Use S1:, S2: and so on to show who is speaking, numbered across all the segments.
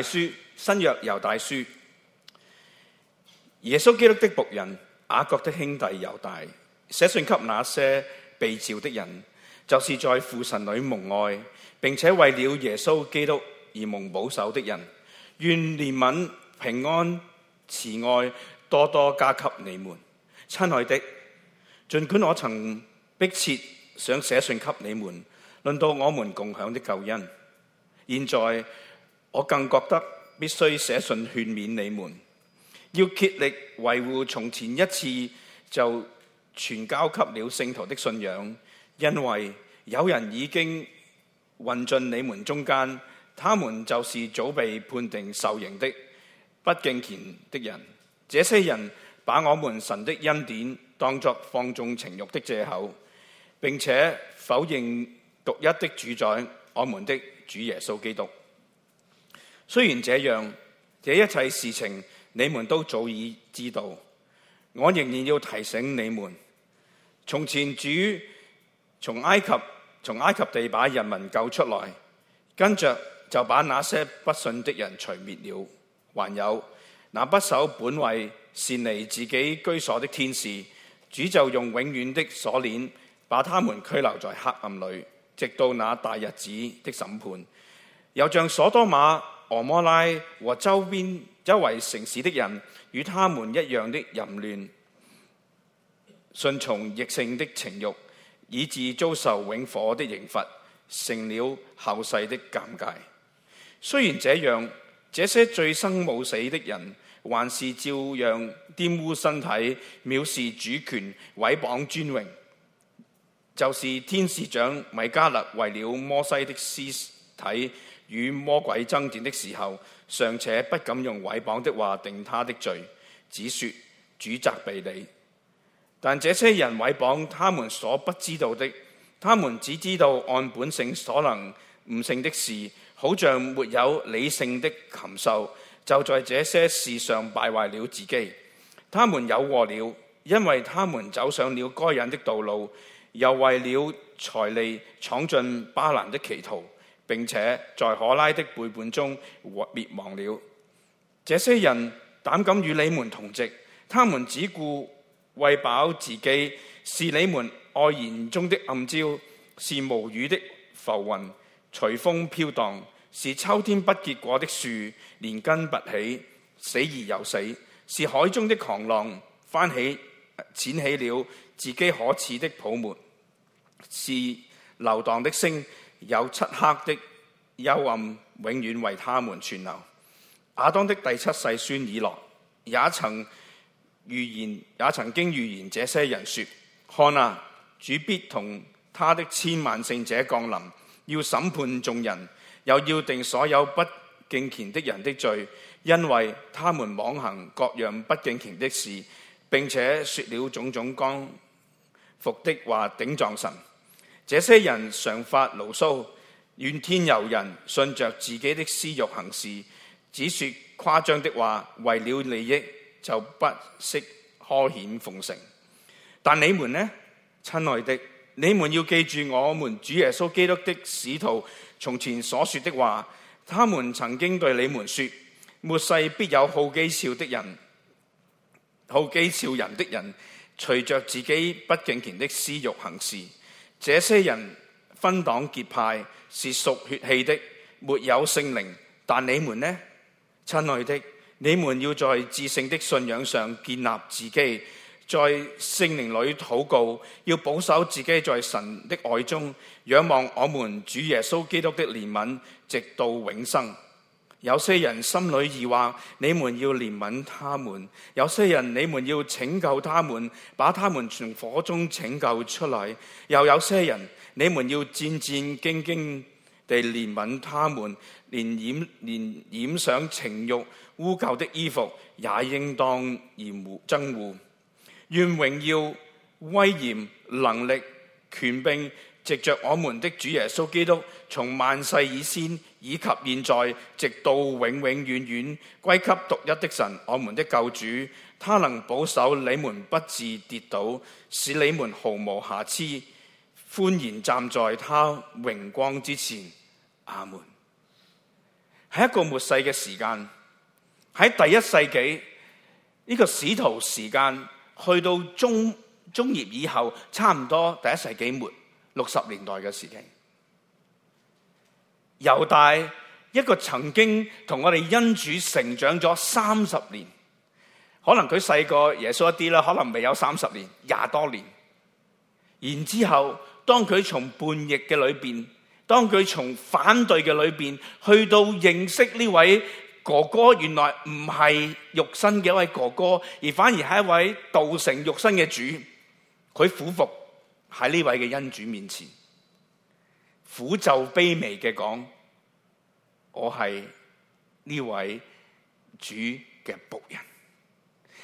S1: 大書新約猶大書，耶穌基督的僕人雅各的兄弟猶大寫信給那些被召的人，就是在父神裏蒙愛，並且為了耶穌基督而蒙保守的人。願憐憫、平安、慈愛多多加給你們，親愛的。盡管我曾迫切想寫信給你們，論到我們共享的救恩，現在。我更覺得必須寫信勸勉你們，要竭力維護從前一次就全交給了聖徒的信仰，因為有人已經混進你們中間，他們就是早被判定受刑的不敬虔的人。這些人把我們神的恩典當作放縱情欲的藉口，並且否認獨一的主宰，我們的主耶穌基督。雖然這樣，這一切事情你們都早已知道，我仍然要提醒你們。從前主從埃及從埃及地把人民救出來，跟着就把那些不信的人除滅了。還有那不守本位、擅離自己居所的天使，主就用永遠的鎖鏈把他們拘留在黑暗裏，直到那大日子的審判。又像所多瑪。俄摩拉和周邊周圍城市的人，與他們一樣的淫亂，順從逆性的情欲，以致遭受永火的刑罰，成了後世的尷尬。雖然這樣，這些醉生夢死的人，還是照樣玷污身體，藐視主權，毀謗尊榮。就是天使長米迦勒為了摩西的屍體。與魔鬼爭戰的時候，尚且不敢用毀謗的話定他的罪，只說主責備你。但這些人毀謗他們所不知道的，他們只知道按本性所能悟性的事，好像沒有理性的禽獸，就在這些事上敗壞了自己。他們有禍了，因為他們走上了該隱的道路，又為了財利闖進巴蘭的歧途。並且在可拉的背叛中滅亡了。這些人膽敢與你們同席，他們只顧餵飽自己，是你們愛筵中的暗礁，是無雨的浮雲，隨風飄蕩；是秋天不結果的樹，連根拔起，死而又死；是海中的狂浪，翻起濺起了自己可恥的泡沫；是流蕩的星。有漆黑的幽暗，永遠為他們存留。亞當的第七世孫以諾也曾預言，也曾經預言這些人說：看啊，主必同他的千萬聖者降臨，要審判眾人，又要定所有不敬虔的人的罪，因為他們妄行各樣不敬虔的事，並且説了種種剛愎的話，頂撞神。這些人常發牢騷、怨天尤人，順着自己的私欲行事，只說誇張的話，為了利益就不惜阿諛奉承。但你們呢，親愛的，你們要記住我們主耶穌基督的使徒從前所說的話，他們曾經對你們說：末世必有好譏笑的人，好譏笑人的人，隨着自己不敬虔的私欲行事。這些人分黨結派是屬血氣的，沒有聖靈。但你們呢，親愛的，你們要在至聖的信仰上建立自己，在聖靈裏禱告，要保守自己在神的愛中，仰望我們主耶穌基督的憐憫，直到永生。有些人心裏疑惑，你們要憐憫他們；有些人你們要拯救他們，把他們從火中拯救出來；又有些人你們要戰戰兢兢地憐憫他們，連染連染上情欲污垢的衣服也應當嚴護憎護。願榮耀、威嚴、能力、權柄。藉着我們的主耶穌基督，從萬世以先，以及現在，直到永永遠遠，歸給獨一的神，我們的救主，他能保守你們不致跌倒，使你們毫無瑕疵，歡然站在他榮光之前。阿門。喺一個末世嘅時間，喺第一世紀呢個使徒時間，去到中中葉以後，差唔多第一世紀末。六十年代嘅事情，猶大一個曾經同我哋恩主成長咗三十年，可能佢細過耶穌一啲啦，可能未有三十年廿多年。然之後，當佢從叛逆嘅裏邊，當佢從反對嘅裏邊，去到認識呢位哥哥，原來唔係肉身嘅一位哥哥，而反而係一位道成肉身嘅主，佢俯伏。喺呢位嘅恩主面前，苦就卑微嘅講，我係呢位主嘅僕人。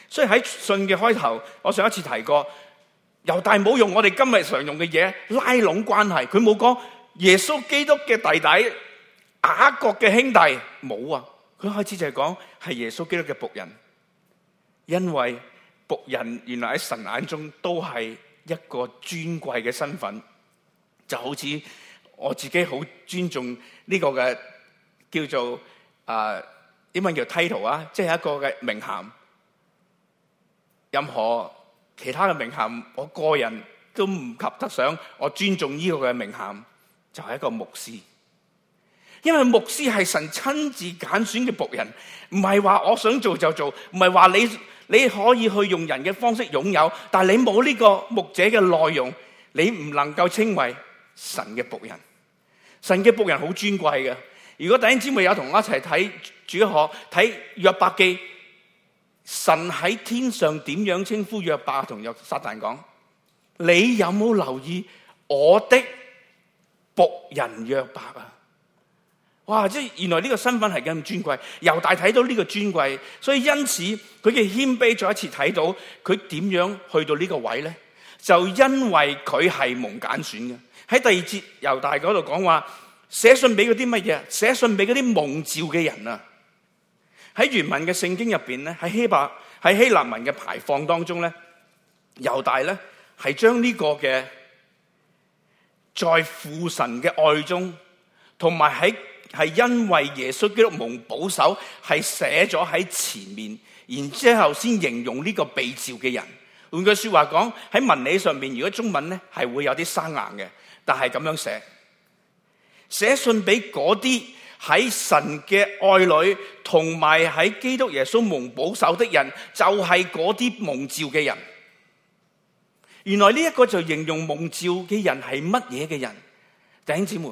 S1: 所以喺信嘅開頭，我上一次提過，猶大冇用我哋今日常用嘅嘢拉攏關係，佢冇講耶穌基督嘅弟弟雅各嘅兄弟冇啊，佢開始就係講係耶穌基督嘅僕人，因為僕人原來喺神眼中都係一個尊貴嘅身份，就好似我自己好尊重呢個嘅叫做，呃，點解叫 title 啊，即係一個嘅名銜。任何其他嘅名銜，我個人都唔及得上。我尊重呢個嘅名銜，就係、是、一個牧師。因為牧師係神親自揀選嘅僕人，唔係話我想做就做，唔係話你。你可以去用人嘅方式擁有，但係你冇呢個牧者嘅內容，你唔能夠稱為神嘅僕人。神嘅僕人好尊貴嘅。如果弟兄姊妹有同我一齊睇主學睇約伯記，神喺天上點樣稱呼約伯同約撒旦講，你有冇留意我的僕人約伯啊？哇！即係原來呢個身份係咁尊貴，猶大睇到呢個尊貴，所以因此佢嘅謙卑再一次睇到佢點樣去到呢個位咧，就因為佢係蒙揀選嘅。喺第二節猶大嗰度講話，寫信俾嗰啲乜嘢？寫信俾嗰啲蒙召嘅人啊！喺原文嘅聖經入邊咧，喺希伯喺希臘文嘅排放當中咧，猶大咧係將呢個嘅在父神嘅愛中，同埋喺。係因為耶穌基督蒙保守，係寫咗喺前面，然之後先形容呢個被召嘅人。換句說話講，喺文理上面，如果中文呢係會有啲生硬嘅，但係咁樣寫，寫信俾嗰啲喺神嘅愛裏，同埋喺基督耶穌蒙保守的人，就係嗰啲蒙召嘅人。原來呢一個就形容蒙召嘅人係乜嘢嘅人，弟兄姊妹。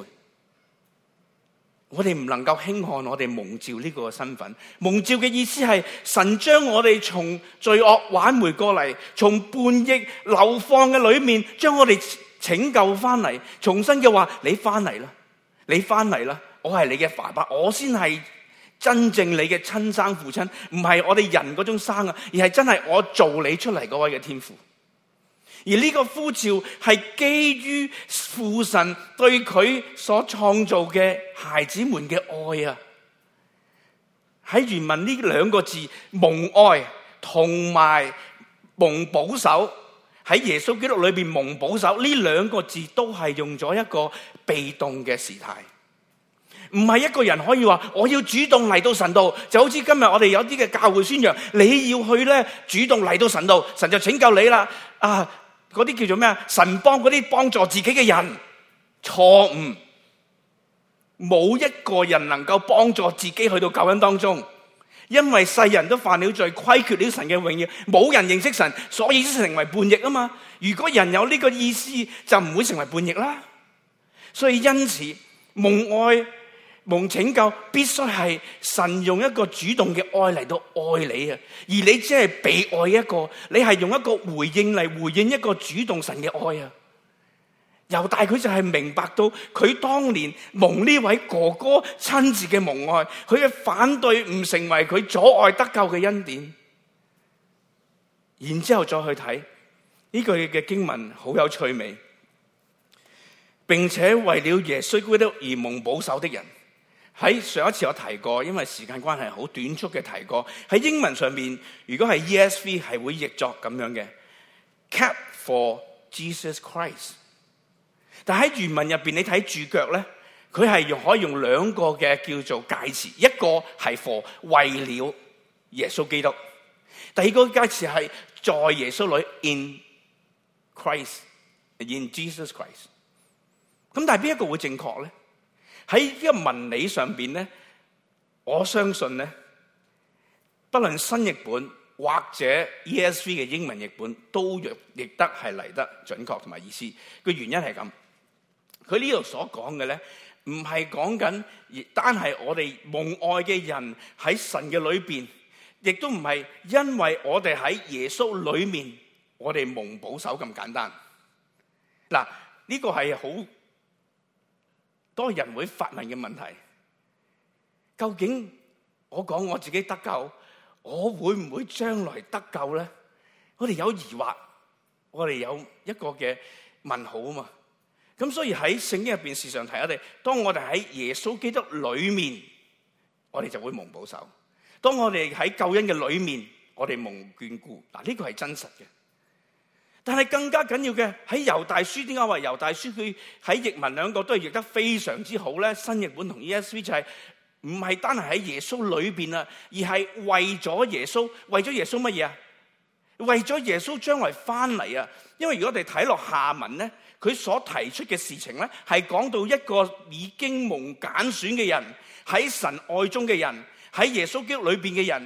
S1: 我哋唔能夠輕看我哋蒙召呢個身份。蒙召嘅意思係神將我哋從罪惡挽回過嚟，從叛逆，流放嘅裏面將我哋拯救返嚟，重新嘅話你返嚟啦，你返嚟啦，我係你嘅爸爸，我先係真正你嘅親生父親。唔係我哋人嗰種生啊，而係真係我做你出嚟嗰位嘅天父。而呢個呼召係基於父神對佢所創造嘅孩子們嘅愛啊！喺原文呢兩個字蒙愛同埋蒙保守，喺耶穌基督裏面蒙保守呢兩個字都係用咗一個被動嘅時態，唔係一個人可以話，我要主動嚟到神度，就好似今日我哋有啲嘅教會宣揚，你要去呢主動嚟到神度，神就拯救你啦啊！嗰啲叫做咩啊？神幫嗰啲幫助自己嘅人錯誤，冇一個人能夠幫助自己去到救恩當中，因為世人都犯了罪，虧缺了神嘅榮耀，冇人認識神，所以先成為叛逆啊嘛。如果人有呢個意思，就唔會成為叛逆啦。所以因此，蒙愛。蒙拯救必須係，神用一個主動嘅愛嚟到愛你，而你只係被愛一個，你係用一個回應嚟回應一個主動神嘅愛啊。猶大佢就係明白到佢當年蒙呢位哥哥親自嘅蒙愛，佢嘅反對唔成為佢阻礙得救嘅恩典。然之後再去睇呢句嘅經文好有趣味，並且為了耶穌基督而蒙保守的人。喺上一次我提過，因為時間關係好短促嘅提過，喺英文上面如果係 ESV 係會譯作咁樣嘅 “kept for Jesus Christ”，但喺原文入邊你睇註腳咧，佢係用可以用兩個嘅叫做介詞，一個係 for 為了耶穌基督，第二個介詞係在耶穌裏 in Christ in Jesus Christ。咁但係邊一個會正確咧？喺呢個文理上邊咧，我相信咧，不論新譯本或者 ESV 嘅英文譯本，都亦亦得係嚟得準確同埋意思。個原因係咁，佢呢度所講嘅咧，唔係講緊亦單係我哋蒙愛嘅人喺神嘅裏邊，亦都唔係因為我哋喺耶穌裏面，我哋蒙保守咁簡單。嗱，呢個係好多人會發問嘅問題，究竟我講我自己得救，我會唔會將來得救咧？我哋有疑惑，我哋有一個嘅問號啊嘛。咁所以喺聖經入邊時常提我哋，當我哋喺耶穌基督裏面，我哋就會蒙保守；當我哋喺救恩嘅裏面，我哋蒙眷顧。嗱，呢個係真實嘅。但係更加緊要嘅，喺猶大書點解話猶大書佢喺譯文兩個都係譯得非常之好咧？新譯本同 ESV 就係唔係單係喺耶穌裏面啊，而係為咗耶穌，為咗耶穌乜嘢啊？為咗耶穌將來翻嚟啊！因為如果我哋睇落下文咧，佢所提出嘅事情咧，係講到一個已經蒙揀選嘅人，喺神愛中嘅人，喺耶穌基督裏邊嘅人。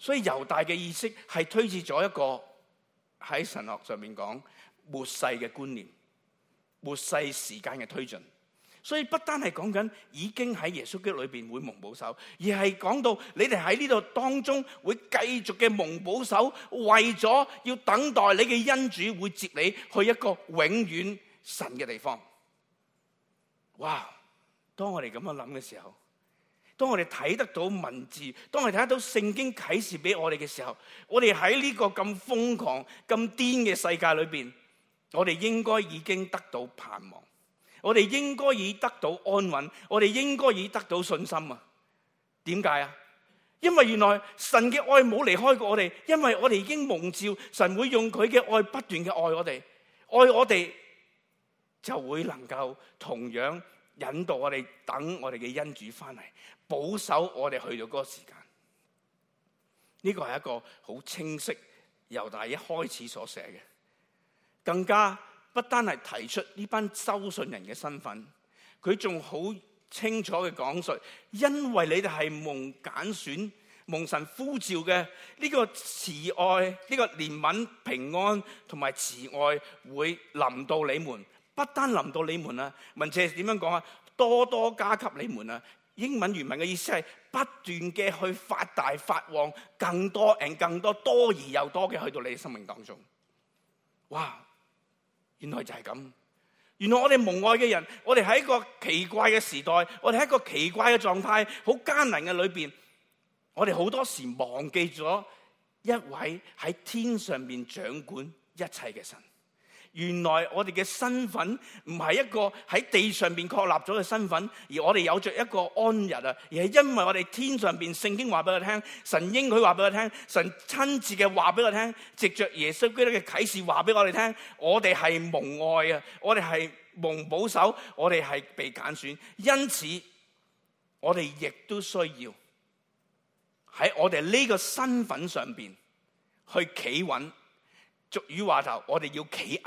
S1: 所以猶大嘅意識係推至咗一個喺神學上面講末世嘅觀念，末世時間嘅推進。所以不單係講緊已經喺耶穌基督裏邊會蒙保守，而係講到你哋喺呢度當中會繼續嘅蒙保守，為咗要等待你嘅恩主會接你去一個永遠神嘅地方。哇！當我哋咁樣諗嘅時候，當我哋睇得到文字，當我哋睇得到聖經啟示俾我哋嘅時候，我哋喺呢個咁瘋狂、咁癲嘅世界裏邊，我哋應該已經得到盼望，我哋應該已得到安穩，我哋應該已得到信心啊！點解啊？因為原來神嘅愛冇離開過我哋，因為我哋已經蒙照，神會用佢嘅愛不斷嘅愛我哋，愛我哋就會能夠同樣。引導我哋，等我哋嘅恩主翻嚟，保守我哋去到嗰個時間。呢個係一個好清晰，由大一開始所寫嘅，更加不單係提出呢班收信人嘅身份，佢仲好清楚嘅講述，因為你哋係蒙揀選、蒙神呼召嘅，呢個慈愛、呢個憐憫、平安同埋慈愛會臨到你們。不單臨到你們啊，文姐點樣講啊？多多加給你們啊，英文原文嘅意思係不斷嘅去發大發旺，更多 and 更多，多而又多嘅去到你嘅生命當中。哇！原來就係咁，原來我哋蒙愛嘅人，我哋喺一個奇怪嘅時代，我哋喺一個奇怪嘅狀態，好艱難嘅裏邊，我哋好多時忘記咗一位喺天上面掌管一切嘅神。原來我哋嘅身份唔係一個喺地上邊確立咗嘅身份，而我哋有着一個安逸。啊！而係因為我哋天上邊，聖經話俾我聽，神應許話俾我聽，神親自嘅話俾我聽，藉着耶穌基督嘅啟示話俾我哋聽，我哋係蒙愛啊！我哋係蒙保守，我哋係被揀選，因此我哋亦都需要喺我哋呢個身份上邊去企穩。俗語話就，我哋要企硬，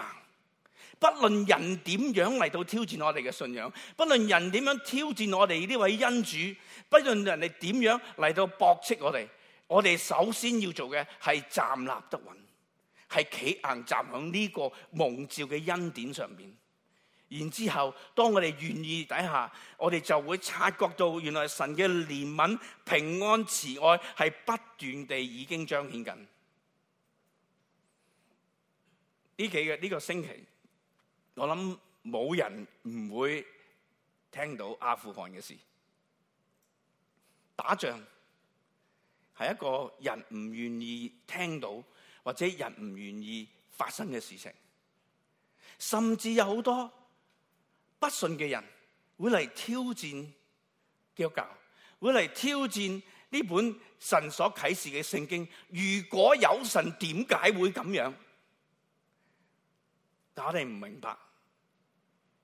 S1: 不論人點樣嚟到挑戰我哋嘅信仰，不論人點樣挑戰我哋呢位恩主，不論人哋點樣嚟到駁斥我哋，我哋首先要做嘅係站立得穩，係企硬站喺呢個蒙召嘅恩典上面。然之後，當我哋願意底下，我哋就會察覺到，原來神嘅憐憫、平安、慈愛係不斷地已經彰顯緊。呢幾日呢個星期，我諗冇人唔會聽到阿富汗嘅事，打仗係一個人唔願意聽到或者人唔願意發生嘅事情，甚至有好多不信嘅人會嚟挑戰基督教，會嚟挑戰呢本神所啟示嘅聖經。如果有神，點解會咁樣？但我哋唔明白，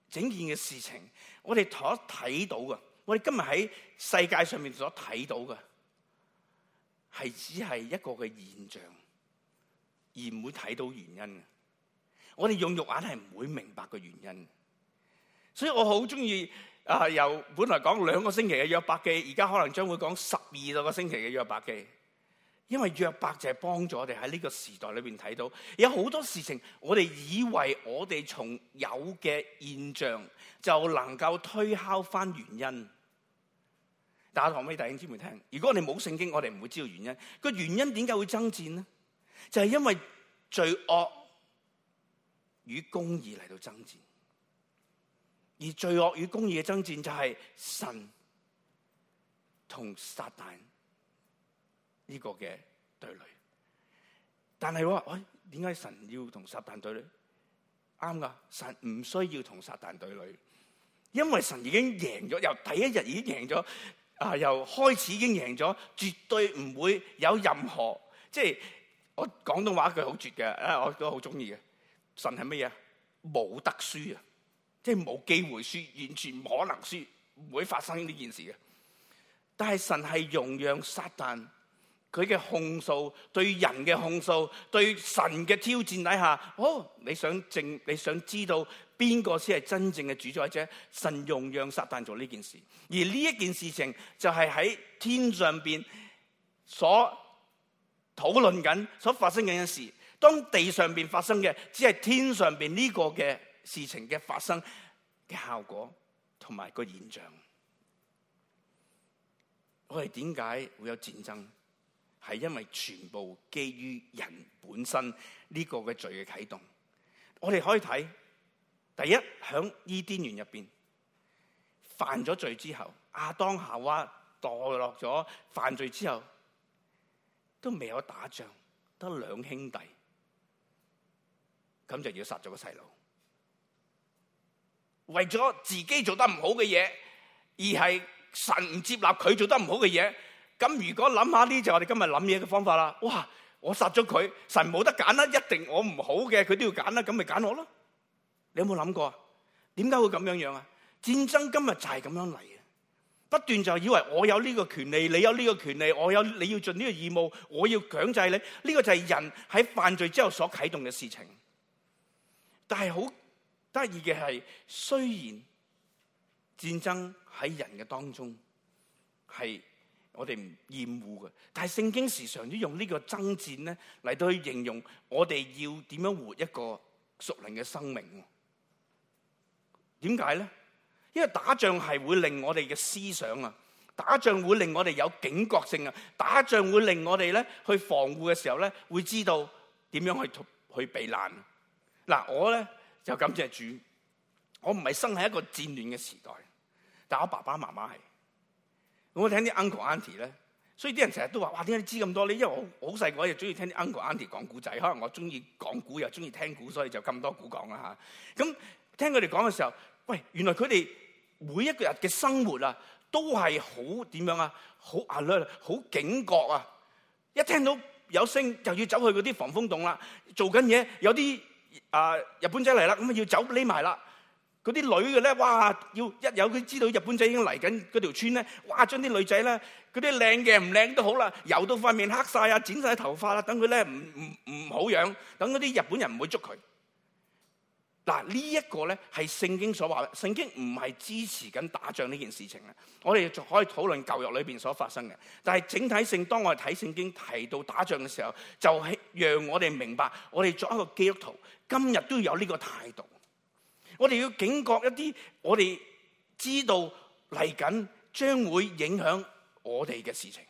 S1: 整件嘅事情，我哋所睇到嘅，我哋今日喺世界上面所睇到嘅，係只係一個嘅現象，而唔會睇到原因嘅。我哋用肉眼係唔會明白個原因的，所以我好鍾意、呃、由本來講兩個星期嘅約伯記，而家可能將會講十二個星期嘅約伯記。因為約伯就係幫助我哋喺呢個時代裏邊睇到，有好多事情我哋以為我哋從有嘅現象就能夠推敲翻原因。大家可唔可以大聲啲聽？如果我哋冇聖經，我哋唔會知道原因。個原因點解會爭戰呢？就係、是、因為罪惡與公義嚟到爭戰，而罪惡與公義嘅爭戰就係神同撒旦。呢個嘅對壘，但係我話喂，哎、點解神要同撒旦對壘？啱噶，神唔需要同撒旦對壘，因為神已經贏咗，由第一日已經贏咗，啊，由開始已經贏咗，絕對唔會有任何即係、就是、我廣東話一句好絕嘅，啊，我都好中意嘅，神係乜嘢？冇得輸啊，即係冇機會輸，完全冇可能輸，唔會發生呢件事嘅。但係神係容讓撒旦。佢嘅控訴，對人嘅控訴，對神嘅挑戰底下，哦，你想淨你想知道邊個先係真正嘅主宰者？神用讓撒旦做呢件事，而呢一件事情就係喺天上邊所討論緊、所發生緊嘅事。當地上邊發生嘅，只係天上邊呢個嘅事情嘅發生嘅效果同埋個現象。我哋點解會有戰爭？係因為全部基於人本身呢個嘅罪嘅啟動，我哋可以睇第一響伊甸園入邊犯咗罪之後，亞當夏娃墮落咗，犯罪之後都未有打仗，得兩兄弟，咁就要殺咗個細路，為咗自己做得唔好嘅嘢，而係神唔接納佢做得唔好嘅嘢。咁如果諗下呢，就我哋今日諗嘢嘅方法啦。哇！我殺咗佢，神冇得揀啦，一定我唔好嘅，佢都要揀啦，咁咪揀我咯。你有冇諗過啊？點解會咁樣樣啊？戰爭今日就係咁樣嚟嘅，不斷就以為我有呢個權利，你有呢個權利，我有你要盡呢個義務，我要強制你。呢個就係人喺犯罪之後所啟動嘅事情。但係好得意嘅係，雖然戰爭喺人嘅當中係。我哋唔厭惡嘅，但係聖經時常都用呢個爭戰咧嚟到去形容我哋要點樣活一個屬靈嘅生命。點解咧？因為打仗係會令我哋嘅思想啊，打仗會令我哋有警覺性啊，打仗會令我哋咧去防護嘅時候咧會知道點樣去去避難。嗱，我咧就感謝主，我唔係生喺一個戰亂嘅時代，但我爸爸媽媽係。我聽啲 uncle auntie 咧，所以啲人成日都話，哇，點解你知咁多咧？因為我我好細個，又中意聽啲 uncle auntie 講古仔。可能我中意講古又中意聽古，所以就咁多古講啦吓。咁、啊、聽佢哋講嘅時候，喂，原來佢哋每一個人嘅生活啊，都係好點樣啊？好硬好警覺啊！一聽到有聲，就要走去嗰啲防風洞啦。做緊嘢，有啲啊、呃、日本仔嚟啦，咁啊要走匿埋啦。嗰啲女嘅咧，哇！要一有佢知道日本仔已經嚟緊嗰條村咧，哇！將啲女仔咧，嗰啲靚嘅唔靚都好啦，油到塊面黑晒啊，剪晒頭髮啦，等佢咧唔唔唔好樣，等嗰啲日本人唔會捉佢。嗱，呢一個咧係聖經所話，聖經唔係支持緊打仗呢件事情啊！我哋就可以討論舊約裏邊所發生嘅，但係整體性，當我哋睇聖經提到打仗嘅時候，就係讓我哋明白，我哋作一個基督徒今日都要有呢個態度。我哋要警覺一啲，我哋知道嚟緊將會影響我哋嘅事情。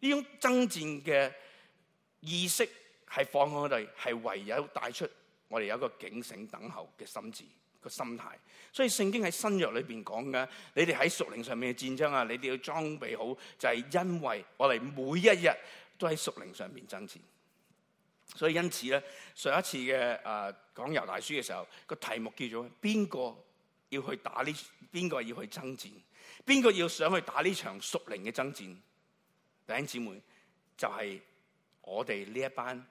S1: 呢種爭戰嘅意識係放喺我哋，係唯有帶出我哋有一個警醒等候嘅心智個心態。所以聖經喺新約裏邊講嘅，你哋喺屬靈上面嘅戰爭啊，你哋要裝備好，就係因為我哋每一日都喺屬靈上面爭戰。所以因此咧，上一次嘅誒、呃、講猶大書嘅時候，個題目叫做邊個要去打呢？邊個要去爭戰？邊個要想去打呢場屬靈嘅爭戰？弟兄姊妹，就係、是、我哋呢一班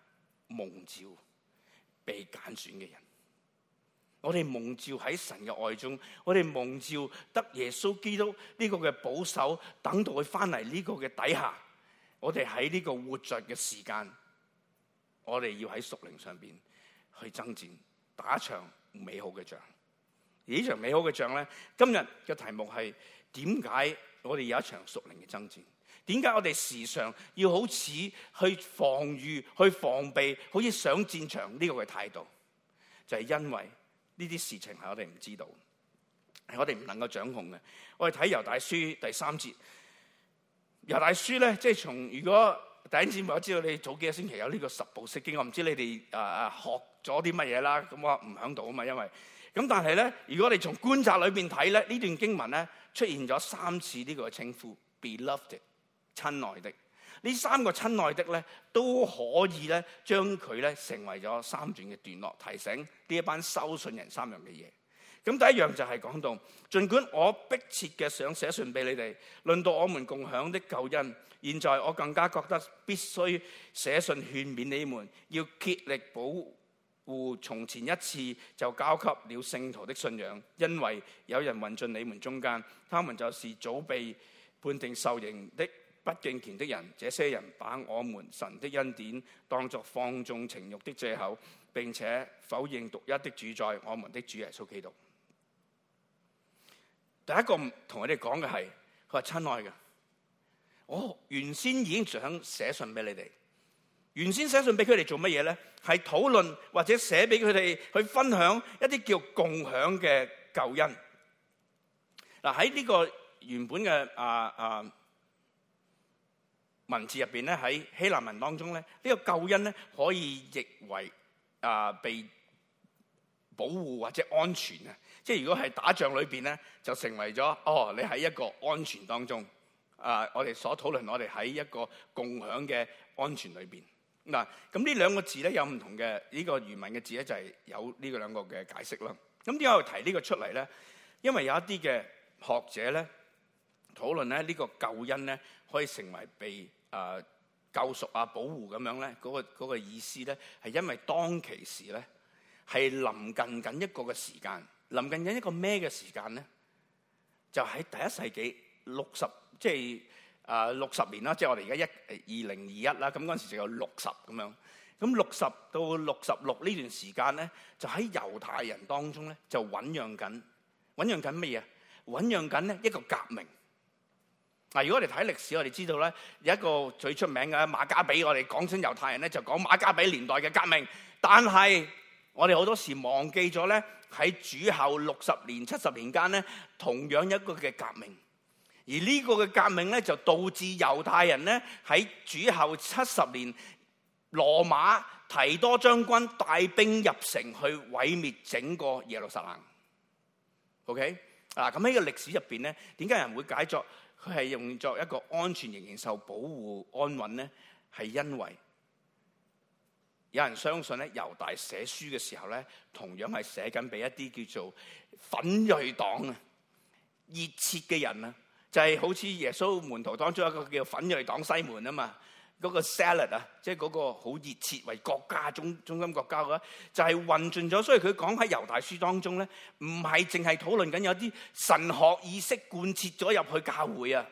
S1: 蒙召被揀選嘅人。我哋蒙召喺神嘅愛中，我哋蒙召得耶穌基督呢個嘅保守，等到佢翻嚟呢個嘅底下，
S2: 我哋喺
S1: 呢個活着嘅時間。我哋要喺屬靈上邊去爭戰，打一場美好嘅仗。而呢場美好嘅仗咧，今日嘅題目係點解我哋有一場屬靈嘅爭戰？點解我哋時常要好似去防禦、去防備，好似上戰場呢個嘅態度？就係、是、因為呢啲事情係我哋唔知道，係我哋唔能夠掌控嘅。我哋睇猶大書第三節，猶大書咧即係從如果。第一節目我知道你早幾個星期有呢、這個十步釋經，我唔知你哋誒誒學咗啲乜嘢啦。咁、嗯、我唔響度啊嘛，因為咁。但係咧，如果你哋從觀察裏邊睇咧，呢段經文咧出現咗三次呢個稱呼，beloved 親愛的。呢三個親愛的咧都可以咧將佢咧成為咗三段嘅段落，提醒呢一班收信人三樣嘅嘢。咁第一樣就係講到，儘管我迫切嘅想寫信俾你哋，論到我們共享的救恩，現在我更加覺得必須寫信勸勉你們，要竭力保護從前一次就交給了聖徒的信仰，因為有人混進你們中間，他們就是早被判定受刑的不敬虔的人。這些人把我們神的恩典當作放縱情慾的藉口，並且否認獨一的主宰，我們的主耶穌基督。第一個同佢哋講嘅係，佢話親愛嘅，我、哦、原先已經想寫信俾你哋。原先寫信俾佢哋做乜嘢咧？係討論或者寫俾佢哋去分享一啲叫共享嘅救恩。嗱，喺呢個原本嘅啊啊文字入邊咧，喺希臘文當中咧，呢、呢個救恩咧可以譯為啊被保護或者安全啊。即係如果係打仗裏邊咧，就成為咗哦，你喺一個安全當中啊！我哋所討論我哋喺一個共享嘅安全裏邊嗱，咁呢兩個字咧有唔同嘅、這個、呢、就是、這個原文嘅字咧就係有呢個兩個嘅解釋啦。咁點解我提呢個出嚟咧？因為有一啲嘅學者咧討論咧呢個救恩咧可以成為被啊、呃、救贖啊保護咁樣咧嗰、那個那個意思咧係因為當其時咧係臨近緊一個嘅時間。臨近緊一個咩嘅時間咧？就喺第一世紀六十，即係啊六十年啦，即係我哋而家一二零二一啦。咁嗰陣時就有六十咁樣。咁六十到六十六呢段時間咧，就喺猶太人當中咧，就醖釀緊醖釀緊咩嘢？醖釀緊咧一個革命。嗱，如果我哋睇歷史，我哋知道咧有一個最出名嘅馬加比，我哋講親猶太人咧就講馬加比年代嘅革命，但係。我哋好多時忘記咗呢，喺主後六十年七十年間呢，同樣一個嘅革命，而呢個嘅革命呢，就導致猶太人呢喺主後七十年，羅馬提多將軍帶兵入城去毀滅整個耶路撒冷。OK，嗱咁喺個歷史入邊呢，點解人會解作佢係用作一個安全，仍然受保護安穩呢？係因為。有人相信咧，猶大寫書嘅時候咧，同樣係寫緊俾一啲叫做奮銳黨啊、熱切嘅人啊，就係、是、好似耶穌門徒當中一個叫奮銳黨西門啊嘛，嗰、那個 Salad 啊，即係嗰個好熱切為國家中中心國家嘅，就係、是、混進咗，所以佢講喺猶大書當中咧，唔係淨係討論緊有啲神學意識貫徹咗入去教會啊。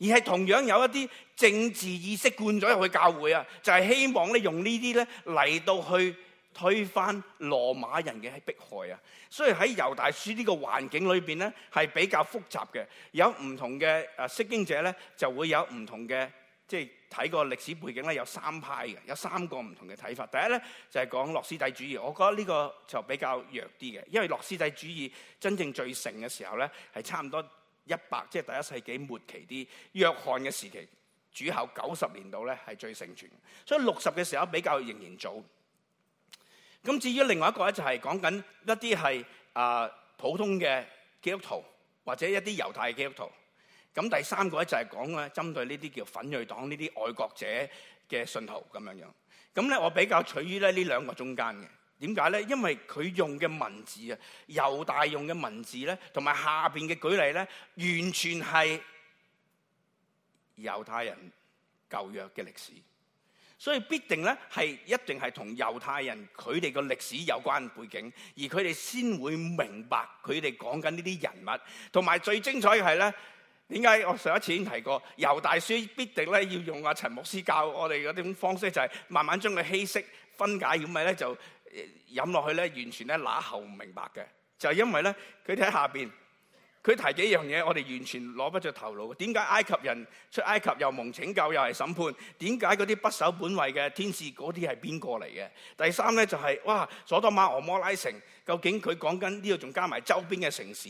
S1: 而係同樣有一啲政治意識灌咗入去教會啊，就係希望咧用呢啲咧嚟到去推翻羅馬人嘅喺迫害啊。所以喺猶大書呢個環境裏邊咧，係比較複雜嘅，有唔同嘅誒識經者咧，就會有唔同嘅即係睇個歷史背景咧，有三派嘅，有三個唔同嘅睇法。第一咧就係講諾斯底主義，我覺得呢個就比較弱啲嘅，因為諾斯底主義真正最盛嘅時候咧，係差唔多，一百即係第一世紀末期啲約翰嘅時期，主後九十年度咧係最成全的，所以六十嘅時候比較仍然早。咁至於另外一個咧，就係講緊一啲係啊普通嘅基督徒或者一啲猶太嘅基督徒。咁第三個咧就係講咧針對呢啲叫奮銳黨呢啲愛國者嘅信徒咁樣樣。咁咧我比較取於咧呢兩個中間嘅。點解咧？因為佢用嘅文字啊，猶大用嘅文字咧，同埋下邊嘅舉例咧，完全係猶太人舊約嘅歷史，所以必定咧係一定係同猶太人佢哋個歷史有關背景，而佢哋先會明白佢哋講緊呢啲人物。同埋最精彩嘅係咧，點解我上一次已經提過，猶大書必定咧要用阿陳牧師教我哋嗰種方式，就係慢慢將佢稀釋分解，咁咪咧就。.飲落去咧，完全咧乸喉唔明白嘅，就係因為咧佢哋喺下邊，佢提幾樣嘢，我哋完全攞不着頭腦。點解埃及人出埃及又蒙拯救，又係審判？點解嗰啲不守本位嘅天使嗰啲係邊個嚟嘅？第三咧就係哇，所多瑪、俄摩拉城，究竟佢講緊呢個仲加埋周邊嘅城市？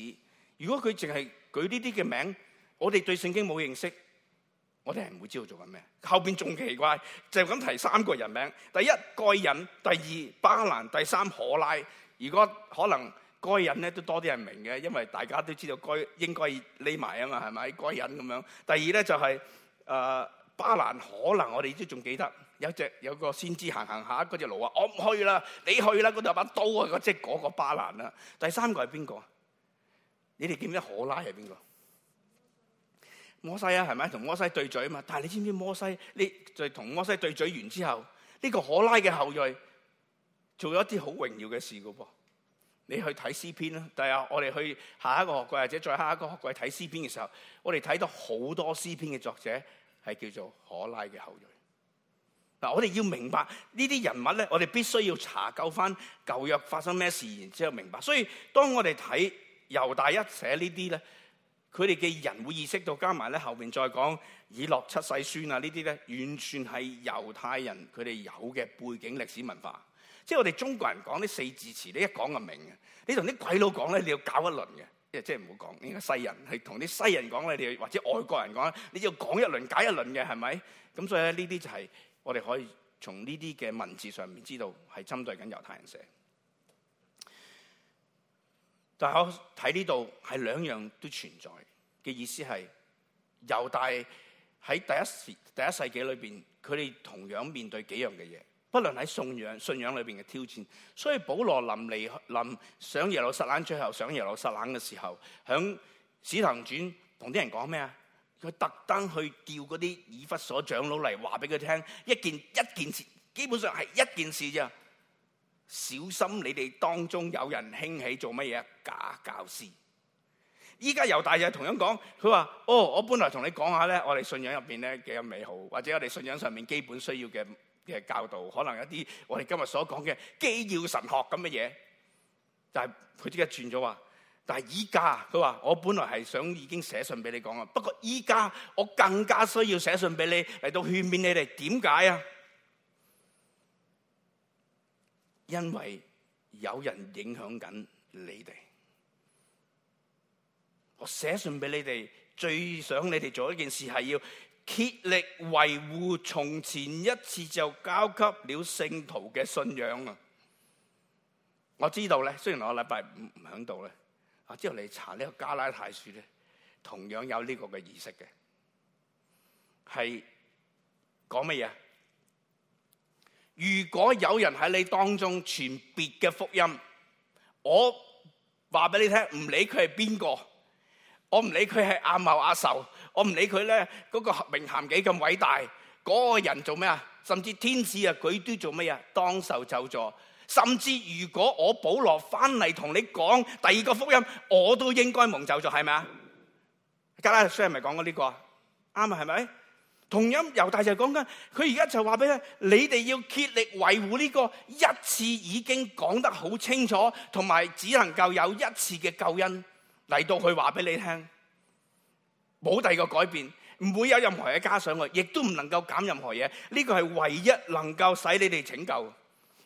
S1: 如果佢淨係舉呢啲嘅名，我哋對聖經冇認識。我哋係唔會知道做緊咩，後邊仲奇怪，就咁提三個人名：第一該隱，第二巴蘭，第三可拉。如果可能，該隱咧都多啲人明嘅，因為大家都知道該應該匿埋啊嘛，係咪？該隱咁樣。第二咧就係、是、誒、呃、巴蘭，可能我哋都仲記得有隻有個先知行行下嗰隻驢話：我唔去啦，你去啦，嗰度有把刀啊！即係嗰個巴蘭啦。第三個係邊個？你哋記唔記得可拉係邊個？摩西啊，係咪同摩西對嘴啊嘛，但係你知唔知摩西，你就同摩西對嘴完之後，呢個可拉嘅後裔做咗啲好榮耀嘅事噶噃。你去睇詩篇啦。第日我哋去下一個學季或者再下一個學季睇詩篇嘅時候，我哋睇到好多詩篇嘅作者係叫做可拉嘅後裔。嗱，我哋要明白呢啲人物咧，我哋必須要查究翻舊約發生咩事，然之後明白。所以當我哋睇猶大一寫這些呢啲咧。佢哋嘅人會意識到，加埋咧後面再講以諾七世孫啊這些呢啲咧，完全係猶太人佢哋有嘅背景歷史文化。即係我哋中國人講啲四字詞，你一講就明嘅。你同啲鬼佬講咧，你要搞一輪嘅，即係唔好講呢個西人，係同啲西人講你或者外國人講，你要講一輪搞一輪嘅，係咪？咁所以咧，呢啲就係我哋可以從呢啲嘅文字上面知道係針對緊猶太人寫嘅。但我睇呢度係兩樣都存在嘅意思係猶大喺第一時第一世紀裏邊，佢哋同樣面對幾樣嘅嘢，不論喺信仰信仰裏邊嘅挑戰。所以保羅臨嚟臨上耶路撒冷最後上耶路撒冷嘅時候，響使徒行傳同啲人講咩啊？佢特登去叫嗰啲以弗所長老嚟話俾佢聽，一件一件事，基本上係一件事啫。小心！你哋當中有人興起做乜嘢？假教師！依家猶大就同樣講。佢話：哦，我本來同你講下咧，我哋信仰入邊咧幾咁美好，或者我哋信仰上面基本需要嘅嘅教導，可能一啲我哋今日所講嘅基要神學咁嘅嘢。但係佢即刻轉咗話。但係依家佢話：我本來係想已經寫信俾你講啦，不過依家我更加需要寫信俾你嚟到勸勉你哋。點解啊？因為有人影響緊你哋，我寫信俾你哋，最想你哋做一件事係要竭力維護從前一次就交給了聖徒嘅信仰啊！我知道咧，雖然我禮拜五唔喺度咧，啊，之後你查呢個加拉太書咧，同樣有呢個嘅儀式嘅，係講乜嘢？如果有人喺你當中傳別嘅福音，我話俾你聽，唔理佢係邊個，我唔理佢係阿茂阿壽，我唔理佢嗰個名銜幾咁偉大，嗰、那個人做咩啊？甚至天使啊，佢都做咩呀？當受咒詛。甚至如果我保羅返嚟同你講第二個福音，我都應該蒙咒詛，係咪啊？加拉太書係咪講過呢個？啱啊，係咪？同樣，猶太他現在就講緊佢而家就話俾你，你哋要竭力維護呢個一次已經講得好清楚，同埋只能夠有一次嘅救恩嚟到去話俾你聽，冇第二個改變，唔會有任何嘢加上去，亦都唔能夠減任何嘢。呢、這個係唯一能夠使你哋拯救。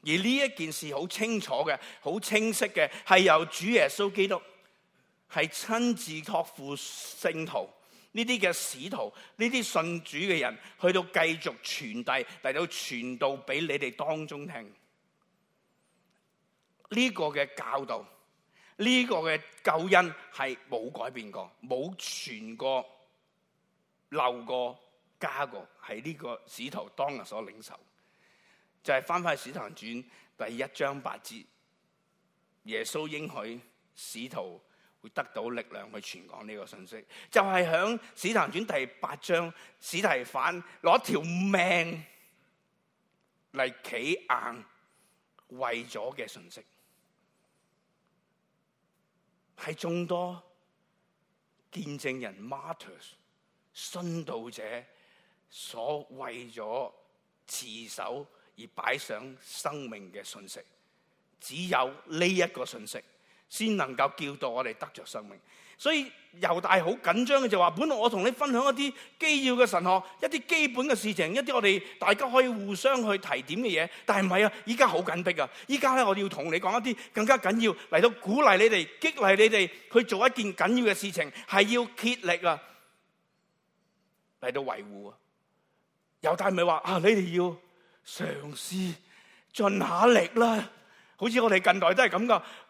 S1: 而呢一件事好清楚嘅，好清晰嘅，係由主耶穌基督係親自託付聖徒。呢啲嘅使徒，呢啲信主嘅人，去到繼續傳遞，嚟到傳道俾你哋當中聽。呢個嘅教導，呢個嘅救恩係冇改變過，冇傳過、漏過、加過，係呢個使徒當日所領受。就係翻翻《使徒行傳》第一章八節，耶穌應許使徒。會得到力量去傳講呢個信息，就係響《使徒行傳》第八章，司提反攞條命嚟企硬為咗嘅信息，係眾多見證人、martyrs、殉道者所為咗持守而擺上生命嘅信息，只有呢一個信息。先能夠叫到我哋得着生命，所以猶大好緊張嘅就話：本來我同你分享一啲基要嘅神學，一啲基本嘅事情，一啲我哋大家可以互相去提點嘅嘢，但係唔係啊？依家好緊迫啊！依家咧，我哋要同你講一啲更加緊要嚟到鼓勵你哋、激勵你哋去做一件緊要嘅事情，係要竭力維護啊，嚟到維護啊！猶大咪話啊？你哋要嘗試盡下力啦，好似我哋近代都係咁噶。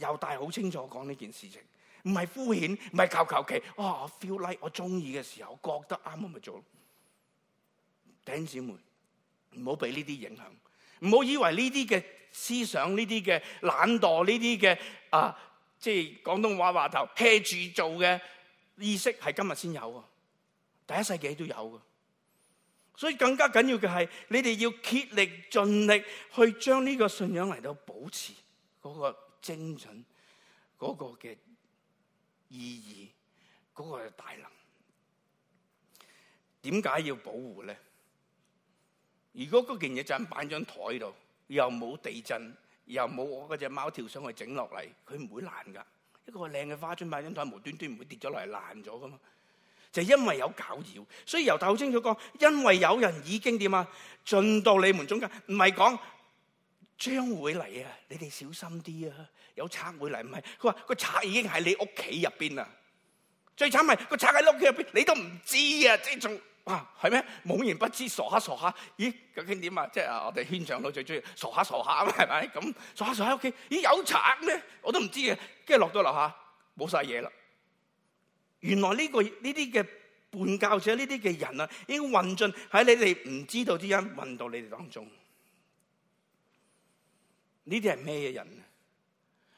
S1: 又大好清楚講呢件事情，唔係敷衍，唔係求求其，啊、哦、我 feel like 我中意嘅時候，覺得啱咁咪做。弟兄姊妹，唔好俾呢啲影響，唔好以為呢啲嘅思想、呢啲嘅懶惰、呢啲嘅啊，即係廣東話話頭，hea 住做嘅意識係今日先有噶，第一世紀都有噶。所以更加緊要嘅係，你哋要竭力盡力去將呢個信仰嚟到保持、嗰個。精準嗰個嘅意義，嗰個大能，點解要保護咧？如果嗰件嘢就咁擺喺張台度，又冇地震，又冇我隻貓跳上去整落嚟，佢唔會爛噶。一個靚嘅花樽擺喺張台，無端端唔會跌咗落嚟爛咗噶嘛？就因為有攪擾，所以由頭好清楚講，因為有人已經點啊，進到你們中間，唔係講。將會嚟啊！你哋小心啲啊！有賊會嚟，唔係佢話個賊已經喺你屋企入邊啦。最慘係個賊喺屋企入邊，你都唔知啊！即係仲哇係咩？懵然不知，傻下傻下。咦？究竟點啊？即係我哋圈長老最中意傻下傻下啊？係咪咁傻下傻下喺屋企？咦有賊咩？我都唔知啊。跟住落到樓下，冇晒嘢啦。原來呢、呢個呢啲嘅叛教者，呢啲嘅人啊，已經混進喺你哋唔知道之間，混到你哋當中。呢啲係咩人？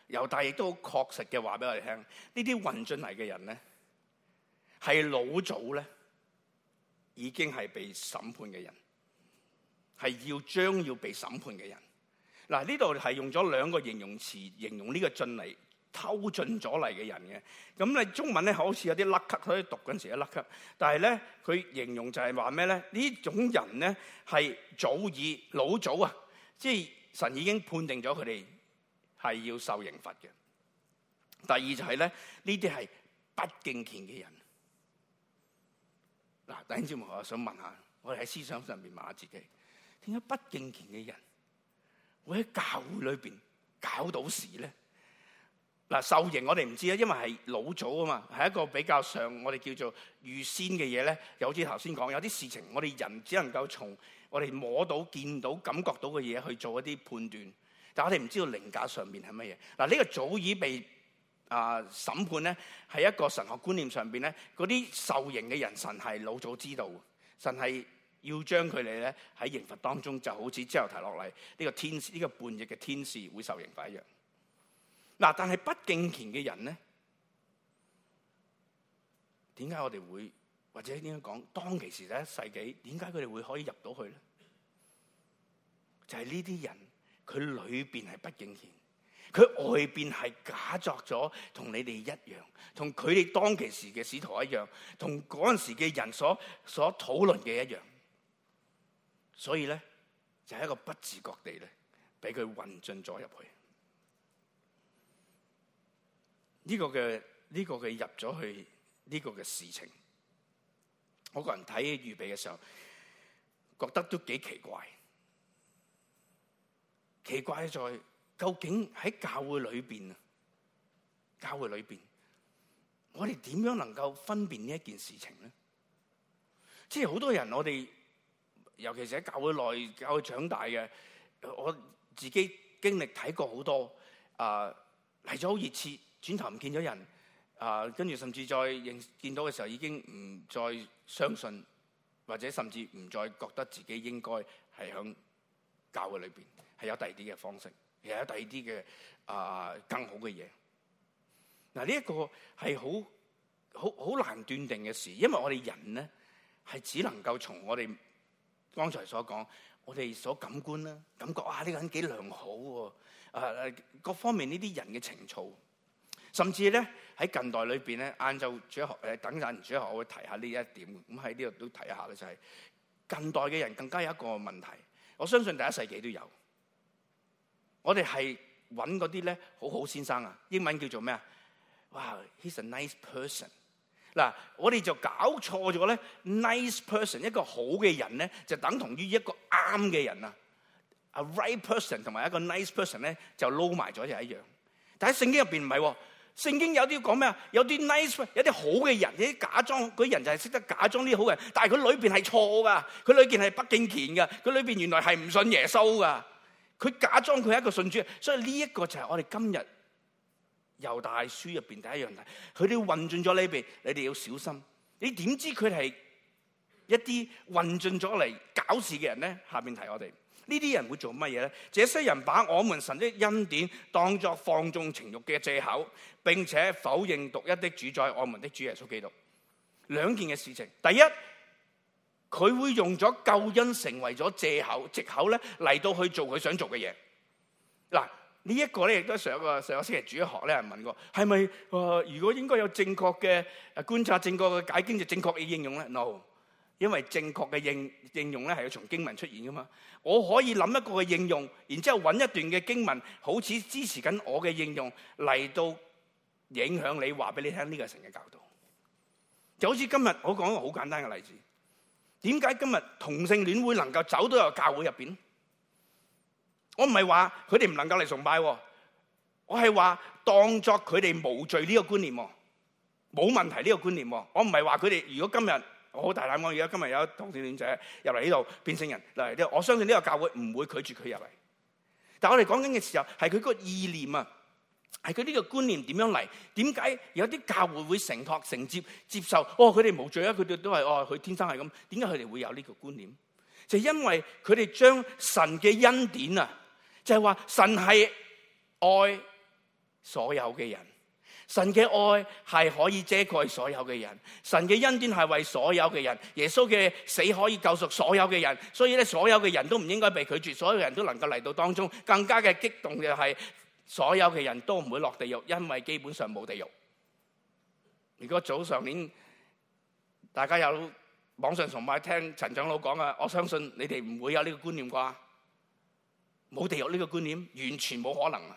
S1: 猶大亦都好確實嘅話俾我哋聽，呢啲混進嚟嘅人咧，係老早咧已經係被審判嘅人，係要將要被審判嘅人。嗱，呢度係用咗兩個形容詞形容呢個進嚟偷進咗嚟嘅人嘅。咁你中文咧好似有啲甩咳，佢以讀嗰陣時咧甩咳。但係咧佢形容就係話咩咧？呢種人咧係早已老早啊，即係。神已經判定咗佢哋係要受刑罰嘅。第二就係、是、咧，呢啲係不敬虔嘅人。嗱，等陣我想問一下，我哋喺思想上面問下自己，點解不敬虔嘅人會喺教會裏邊搞到事咧？嗱，受刑我哋唔知啊，因為係老祖啊嘛，係一個比較上我哋叫做預先嘅嘢咧。好似頭先講有啲事情，我哋人只能夠從，我哋摸到、見到、感覺到嘅嘢去做一啲判斷，但係我哋唔知道靈界上面係乜嘢。嗱，呢個早已被啊審判咧，喺一個神學觀念上邊咧，嗰啲受刑嘅人，神係老早知道，神係要將佢哋咧喺刑罰當中，就好似之後提落嚟呢個天使，呢、這個叛逆嘅天使會受刑法一樣。嗱，但係不敬虔嘅人咧，點解我哋會？或者點樣講？當其時第一世紀，點解佢哋會可以入到去咧？就係呢啲人，佢裏邊係不敬虔，佢外邊係假作咗同你哋一樣，同佢哋當其時嘅使徒一樣，同嗰陣時嘅人所所討論嘅一樣。所以咧，就係、是、一個不自覺地咧，俾佢混進咗入去。呢、這個嘅呢、這個嘅入咗去呢、這個嘅事情。我個人睇預備嘅時候，覺得都幾奇怪。奇怪在究竟喺教會裏面，教會裏面我哋點樣能夠分辨呢一件事情呢？即係好多人，我哋尤其是喺教會內教會長大嘅，我自己經歷睇過好多啊，嚟咗好熱切，轉頭唔見咗人。啊，跟住甚至在認見到嘅時候，已經唔再相信，或者甚至唔再覺得自己應該係響教會裏邊係有第二啲嘅方式，亦有第二啲嘅啊更好嘅嘢。嗱、啊，呢、這、一個係好好好難斷定嘅事，因為我哋人咧係只能夠從我哋剛才所講，我哋所感官啦、感覺啊，呢、這個人幾良好喎、啊，啊各方面呢啲人嘅情操。甚至咧喺近代裏面咧，晏晝主學誒等陣主學，我會提下呢一點。咁喺呢度都提一下咧，就係近代嘅人更加有一個問題。我相信第一世紀都有，我哋係揾嗰啲咧好好先生啊，英文叫做咩啊？哇，wow，he's a nice person。嗱，我哋就搞錯咗咧，nice person 一個好嘅人咧，就等同於一個啱嘅人啊。a right person 同埋一個 nice person 咧就撈埋咗就一樣，但喺聖經入面，唔係喎。聖經有啲講咩啊？有啲 nice，有啲好嘅人，有啲假裝嗰啲人就係識得假裝啲好嘅人，但係佢裏面係錯噶，佢裏面係不敬虔噶，佢裏面原來係唔信耶穌噶。佢假裝佢係一個信主，所以呢一個就係我哋今日《猶大書》入面第一樣嘢，佢哋混進咗裏邊，你哋要小心。你點知佢係一啲混進咗嚟搞事嘅人咧？下面提我哋。呢啲人會做乜嘢咧？這些人把我們神的恩典當作放縱情慾嘅借口，並且否認獨一的主宰我們的主耶穌基督。兩件嘅事情，第一，佢會用咗救恩成為咗借口，借口咧嚟到去做佢想做嘅嘢。嗱，這個，呢一個咧亦都上個上個星期主日學咧人問過，係咪誒？如果應該有正確嘅誒觀察，正確嘅解經，就正確嘅應用咧？No。因為正確嘅應應用咧係要從經文出現噶嘛，我可以諗一個嘅應用，然之後揾一段嘅經文，好似支持緊我嘅應用嚟到影響你，話俾你聽呢個神嘅教導。就好似今日我講一個好簡單嘅例子，點解今日同性戀會能夠走到個教會入邊？我唔係話佢哋唔能夠嚟崇拜，我係話當作佢哋無罪呢個觀念，冇問題呢個觀念。我唔係話佢哋如果今日。我好大膽講，而家今日有一同性戀者入嚟呢度變性人嗱，呢度，我相信呢個教會唔會拒絕佢入嚟。但係我哋講緊嘅時候，係佢個意念啊，係佢呢個觀念點樣嚟？點解有啲教會會承托承接接受？哦，佢哋無罪啊！佢哋都係哦，佢天生係咁。點解佢哋會有呢個觀念？就係因為佢哋將神嘅恩典啊，就係話神係愛所有嘅人。神嘅愛係可以遮蓋所有嘅人，神嘅恩典係為所有嘅人，耶穌嘅死可以救贖所有嘅人，所以咧，所有嘅人都唔應該被拒絕，所有嘅人都能夠嚟到當中。更加嘅激動嘅係，所有嘅人都唔會落地獄，因為基本上冇地獄。如果早上年大家有網上同埋聽陳長老講啊，我相信你哋唔會有呢個觀念啩，冇地獄呢個觀念完全冇可能啊！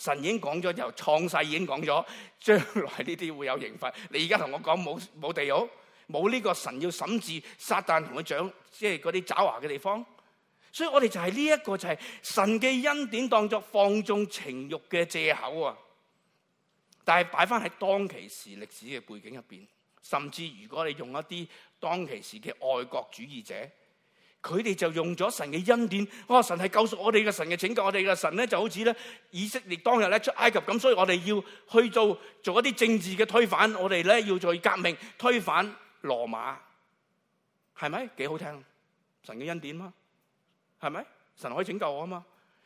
S1: 神已經講咗，由創世已經講咗，將來呢啲會有刑罰。你而家同我講冇，冇地獄，冇呢個神要審治撒旦同佢掌，即係嗰啲爪牙嘅地方，所以我哋就係呢一個就係神嘅恩典當作放縱情欲嘅借口啊！但係擺翻喺當其時歷史嘅背景入邊，甚至如果你用一啲當其時嘅愛國主義者。佢哋就用咗神嘅恩典，哦、神係救贖我哋嘅神嘅拯救我，我哋嘅神咧就好似咧以色列當日咧出埃及咁，所以我哋要去做做一啲政治嘅推翻，我哋咧要做革命推翻羅馬，係咪？幾好聽？神嘅恩典啊，係咪？神可以拯救我啊嘛！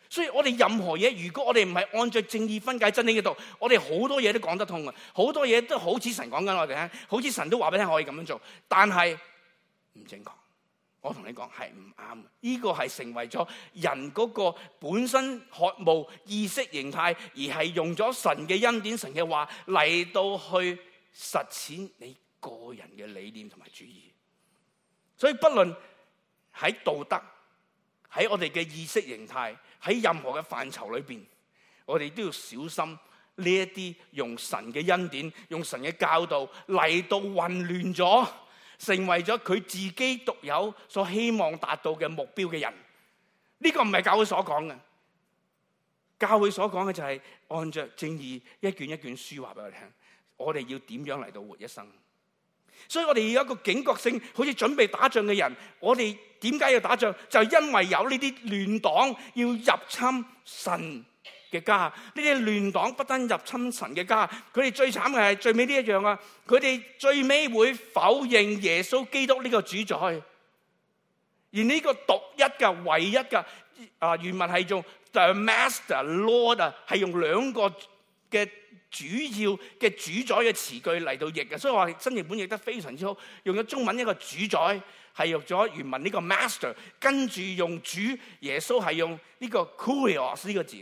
S1: 所以我哋任何嘢，如果我哋唔係按着正意分解真理嘅道，我哋好多嘢都講得通啊！好多嘢都好似神講緊我哋聽，好似神都話俾我聽可以咁樣做，但係唔正確。我同你講係唔啱，呢個係成為咗人嗰個本身渴慕意識形態，而係用咗神嘅恩典，神嘅話嚟到去實踐你個人嘅理念同埋主義。所以不論喺道德、喺我哋嘅意識形態、喺任何嘅範疇裏邊，我哋都要小心呢一啲用神嘅恩典、用神嘅教導嚟到混亂咗，成為咗佢自己獨有所希望達到嘅目標嘅人，呢、這個唔係教會所講嘅，教會所講嘅就係按着正義一卷一卷書話俾我聽，我哋要點樣嚟到活一生，所以我哋要一個警覺性，好似準備打仗嘅人，我哋點解要打仗？就係，因為有呢啲亂黨要入侵神。嘅家，呢啲亂黨不單入侵神嘅家，佢哋最慘嘅係最尾呢一樣啊！佢哋最尾會否認耶穌基督呢個主宰，而呢個獨一嘅，唯一嘅啊、呃、原文係用 the master lord 啊，係用兩個嘅主要嘅主宰嘅詞句嚟到譯嘅，所以我話新譯本譯得非常之好，用咗中文一個主宰係用咗原文呢個 master，跟住用主耶穌係用呢個 Kurios 呢個字。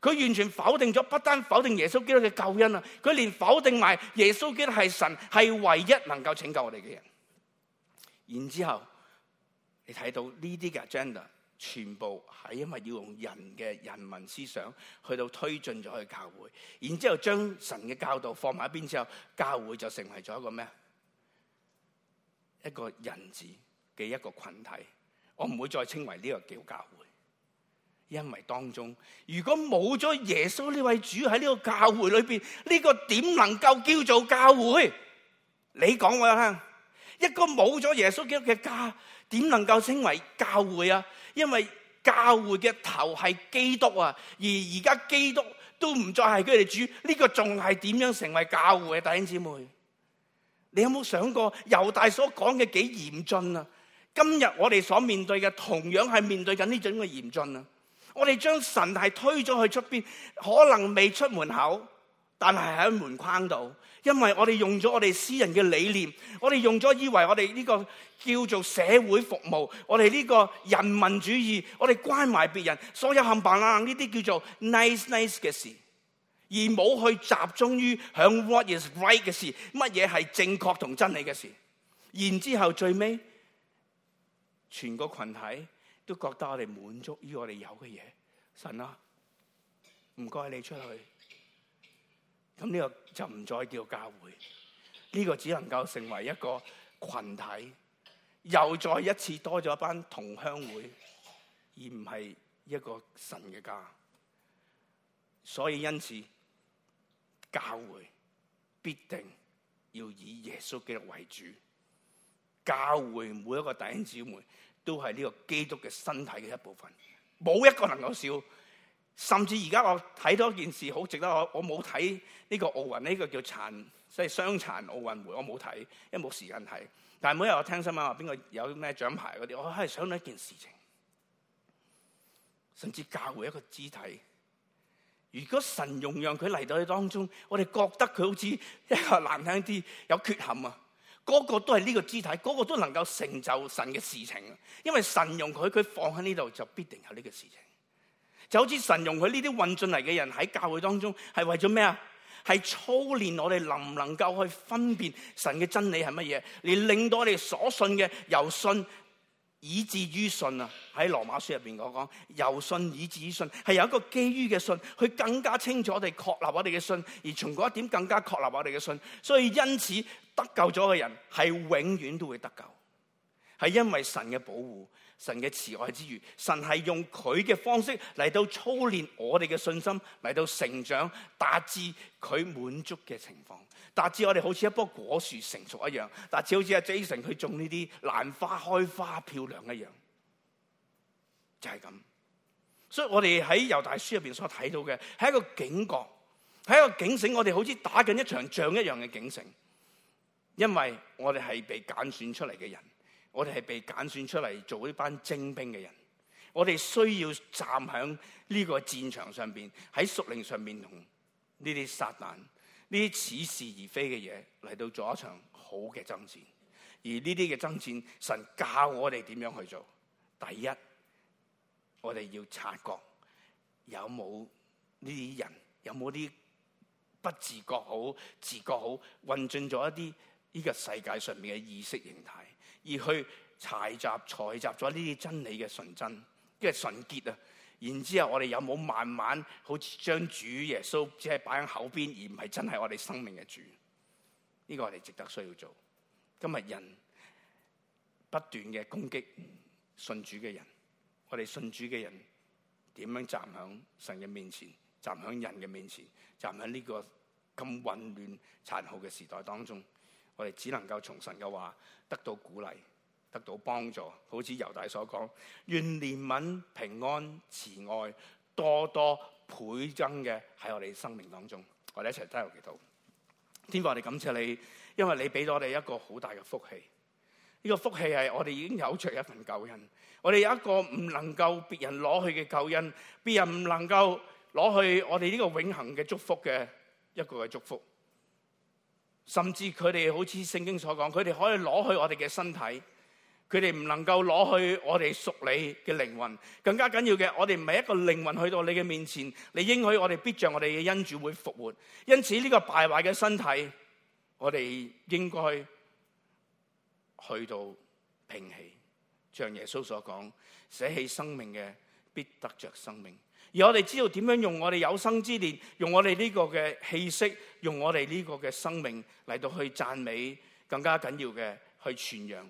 S1: 佢完全否定咗，不單否定耶穌基督嘅救恩啊！佢連否定埋耶穌基督係神，係唯一能夠拯救我哋嘅人。然之後，你睇到呢啲嘅 agenda，全部係因為要用人嘅人文思想去到推進咗去教會，然之後將神嘅教導放埋一邊之後，教會就成為咗一個咩？一個人字嘅一個群體，我唔會再稱為呢個叫教會。因為當中，如果冇咗耶穌呢位主喺呢個教會裏邊，呢個點能夠叫做教會？你講我聽，一個冇咗耶穌基督嘅家，點能夠稱為教會啊？因為教會嘅頭係基督啊，而而家基督都唔再係佢哋主，呢個仲係點樣成為教會啊？弟兄姊妹，你有冇想過猶大所講嘅幾嚴峻啊？今日我哋所面對嘅，同樣係面對緊呢種嘅嚴峻啊！我哋將神係推咗去出邊，可能未出門口，但係喺門框度，因為我哋用咗我哋私人嘅理念，我哋用咗以為我哋呢個叫做社會服務，我哋呢個人民主義，我哋關埋別人，所有冚唪唥呢啲叫做 nice nice 嘅事，而冇去集中於響 what is right 嘅事，乜嘢係正確同真理嘅事，然之後最尾全個群體。都覺得我哋滿足於我哋有嘅嘢，神啊，唔該你出去，咁呢個就唔再叫教會，呢個只能夠成為一個群體，又再一次多咗一班同鄉會，而唔係一個神嘅家，所以因此教會必定要以耶穌基督為主，教會每一個弟兄姊妹，都係呢個基督嘅身體嘅一部分，冇一個能夠笑。甚至而家我睇到一件事，好值得我。我冇睇呢個奧運，呢個叫殘，即係傷殘奧運會，我冇睇，因為冇時間睇。但係每日我聽新聞話邊個有咩獎牌嗰啲，我係想到一件事情。甚至教會一個肢體，如果神容讓佢嚟到你當中，我哋覺得佢好似一個難聽啲有缺陷啊。嗰個都係呢個肢體，嗰、嗰個都能夠成就神嘅事情，因為神用佢，佢放喺呢度就必定有呢個事情。就好似神用佢呢啲混進嚟嘅人喺教會當中，係為咗咩啊？係操練我哋能唔能夠去分辨神嘅真理係乜嘢，嚟令到我哋所信嘅由信。以至於信啊，喺羅馬書入邊講講，由信以至於信，係有一個基於嘅信，去更加清楚地確立我哋嘅信，而從嗰一點更加確立我哋嘅信。所以因此得救咗嘅人係永遠都會得救，係因為神嘅保護。神嘅慈愛之餘，神係用佢嘅方式嚟到操練我哋嘅信心，嚟到成長，達至佢滿足嘅情況，達至我哋好似一樖果樹成熟一樣，達至好似阿 Jason 佢種呢啲蘭花開花漂亮一樣，就係咁。所以我哋喺猶大書入邊所睇到嘅係一個警覺，係一個警醒，我哋好似打緊一場仗一樣嘅警醒，因為我哋係被揀選出嚟嘅人。我哋係被揀選出嚟做呢班精兵嘅人，我哋需要站響呢個戰場上邊，喺屬靈上面同呢啲撒旦、呢啲似是而非嘅嘢嚟到做一場好嘅爭戰。而呢啲嘅爭戰，神教我哋點樣去做？第一，我哋要察覺有冇呢啲人有冇啲不自覺好、自覺好，混進咗一啲呢個世界上面嘅意識形態。而去採集、採集咗呢啲真理嘅純真，跟住純潔啊，然之後我哋有冇慢慢好似將主耶穌只係擺喺口邊，而唔係真係我哋生命嘅主？呢個我哋值得需要做。今日人不斷嘅攻擊信主嘅人，我哋信主嘅人點樣站響神嘅面前，站響人嘅面前，站響呢個咁混亂、殘酷嘅時代當中？我哋只能夠從神嘅話得到鼓勵，得到幫助。好似猶大所講，願憐憫、平安、慈愛多多倍增嘅，喺我哋生命當中。我哋一齊真係祈禱，天父，我哋感謝你，因為你俾咗我哋一個好大嘅福氣。呢個福氣係我哋已經有着一份救恩，我哋有一個唔能夠別人攞去嘅救恩，別人唔能夠攞去我哋呢個永恆嘅祝福嘅一個嘅祝福。甚至佢哋好似聖經所講，佢哋可以攞去我哋嘅身體，佢哋唔能夠攞去我哋屬你嘅靈魂。更加緊要嘅，我哋唔係一個靈魂去到你嘅面前，你應許我哋必像我哋嘅恩主會復活。因此呢個敗壞嘅身體，我哋應該去到摒棄，像耶穌所講，捨棄生命嘅，必得着生命。而我哋知道點樣用我哋有生之年，用我哋呢個嘅氣息，用我哋呢個嘅生命嚟到去讚美，更加緊要嘅去傳揚，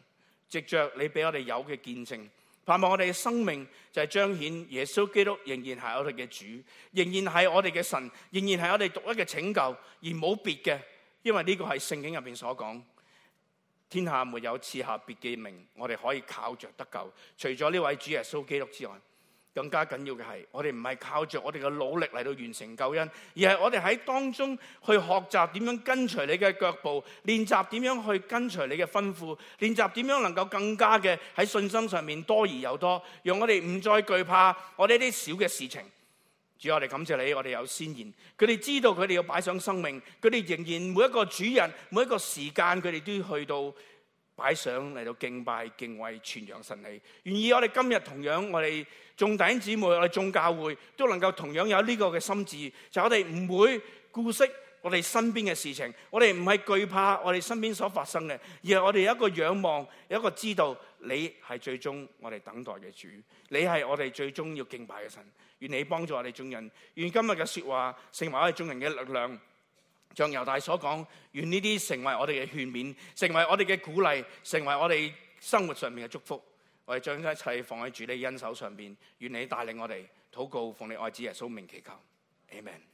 S1: 藉着你俾我哋有嘅見證，盼望我哋嘅生命就係彰顯耶穌基督仍然係我哋嘅主，仍然係我哋嘅神，仍然係我哋獨一嘅拯救，而冇別嘅，因為呢個係聖經入邊所講，天下沒有賜下別嘅名，我哋可以靠着得救，除咗呢位主耶穌基督之外。更加緊要嘅係，我哋唔係靠著我哋嘅努力嚟到完成救恩，而係我哋喺當中去學習點樣跟隨你嘅腳步，練習點樣去跟隨你嘅吩咐，練習點樣能夠更加嘅喺信心上面多而又多，讓我哋唔再懼怕我哋一啲小嘅事情。主，我哋感謝你，我哋有先賢。佢哋知道佢哋要擺上生命，佢哋仍然每一個主人，每一個時間，佢哋都要去到。擺上嚟,到敬拜敬畏、傳揚神理。願意我哋今日同樣，我哋眾弟姊妹，我哋眾教會都能夠同樣有呢個嘅心智。就是、我哋唔會顧惜我哋身邊嘅事情，我哋唔係懼怕我哋身邊所發生嘅，而係我哋有一個仰望，有一個知道你係最終我哋等待嘅主，你係我哋最終要敬拜嘅神，願你幫助我哋眾人，願今日嘅說話成為我哋眾人嘅力量。像猶大所講，願呢啲成為我哋嘅勸勉，成為我哋嘅鼓勵，成為我哋生活上面嘅祝福。我哋將一切放喺主嘅恩手上邊，願你帶領我哋禱告，奉你愛子耶穌名祈求，amen。